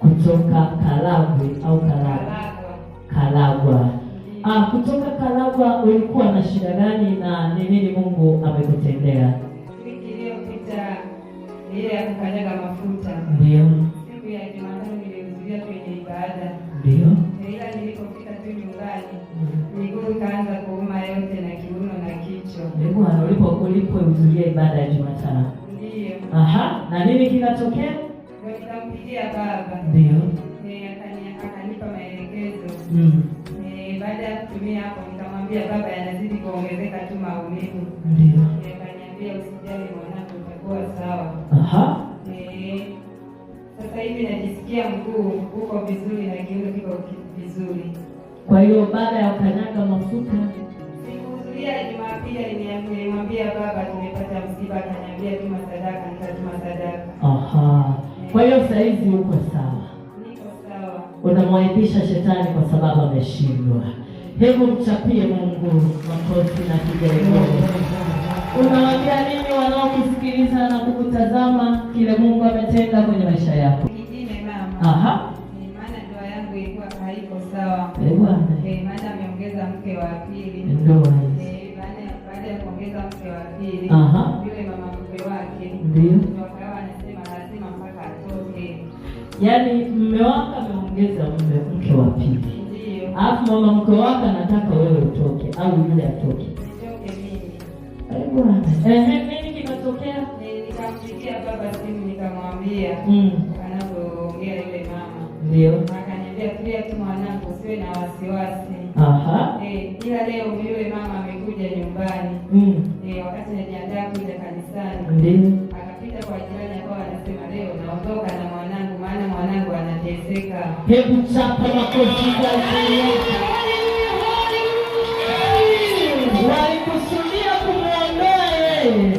kutoka Karagwe au Karagwa Karagwa. Ah, kutoka Karagwa ulikuwa na shida gani na ni nini Mungu amekutendea? Wiki iliyopita ile ya kukanyaga mafuta. Ndio. Siku ya Jumatano nilihudhuria kwenye ibada. Ndio. Ila nilipofika tu nyumbani miguu ikaanza kuuma yote na kiuno na kichwa. Ndio, ulipo ulipohudhuria ibada ya Jumatano. Ndio. Aha, na nini kinatokea? nikampigia baba ndio e, akanipa maelekezo mm. e, baada ya kutumia hapo nikamwambia baba, yanazidi kuongezeka tu maumivu. Ndio e, akaniambia usijali mwanangu, utakuwa sawa. Aha. sasa hivi najisikia mguu uko vizuri na kiuno kiko vizuri. Kwa hiyo baada ya ukanyaga mafuta sikuhudhuria Jumapili, nilimwambia baba, tumepata msiba. Akaniambia tuma sadaka, nikatuma sadaka kwa hiyo saa hizi uko sawa, unamwaibisha shetani kwa sababu ameshindwa. Hebu mchapie Mungu makofi na kigelegele. Unawaambia nini wanaokusikiliza na kukutazama kile Mungu ametenda kwenye maisha yako? Nijine mama. Aha. Ni maana Ndoa yangu ilikuwa haiko sawa. Eh, bwana. Eh, maana ameongeza mke wa pili. Ndoa. yaani mme wako ameongeza mume mke wa pili, alafu mama mke wako anataka wewe utoke au yule atoke. Ehe, nini kinatokea? Nikampigia baba simu nikamwambia mm. anavyoongea yule mama, ndio akaniambia pia tu mwanangu, usiwe na wasiwasi. Aha, eh, ila leo yule mama amekuja nyumbani, mm, eh, wakati najiandaa kuja kanisani, ndio akapita kwa jirani Nasema leo naondoka na mwanangu, maana mwanangu anateseka. Hebu chapa makofi kwa Yesu. Walikusudia kumwondoa yeye,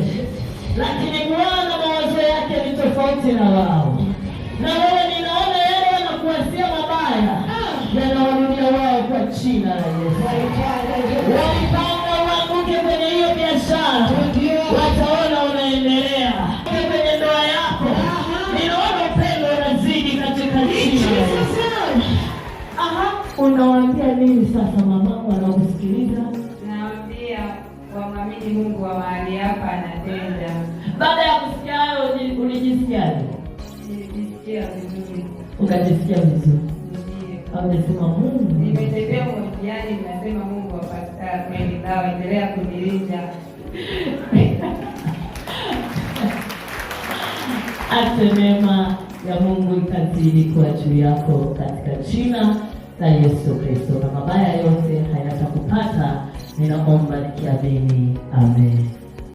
lakini Bwana mawazo yake ni tofauti na wao, na wewe ninaona yeye anakuwasia mabaya yanawarudia wao kwa jina la Yesu. Walipanga uanguke kwenye hiyo biashara, wataona Unawaambia nini sasa mamangu wanaokusikiliza? Naambia wamwamini Mungu wa mahali hapa anatenda. Baada ya kusikia hayo ulijisikiaje? Nilijisikia vizuri. Ukajisikia vizuri? Amesema Mungu. Nimetembea kwa nasema Mungu apatikana kweli, nao endelea kunilinda. Atemema ya Mungu ikazidi kuwa juu yako katika jina na Yesu Kristo, na mabaya yote hayatakupata. Ninaomba nikiamini, amen.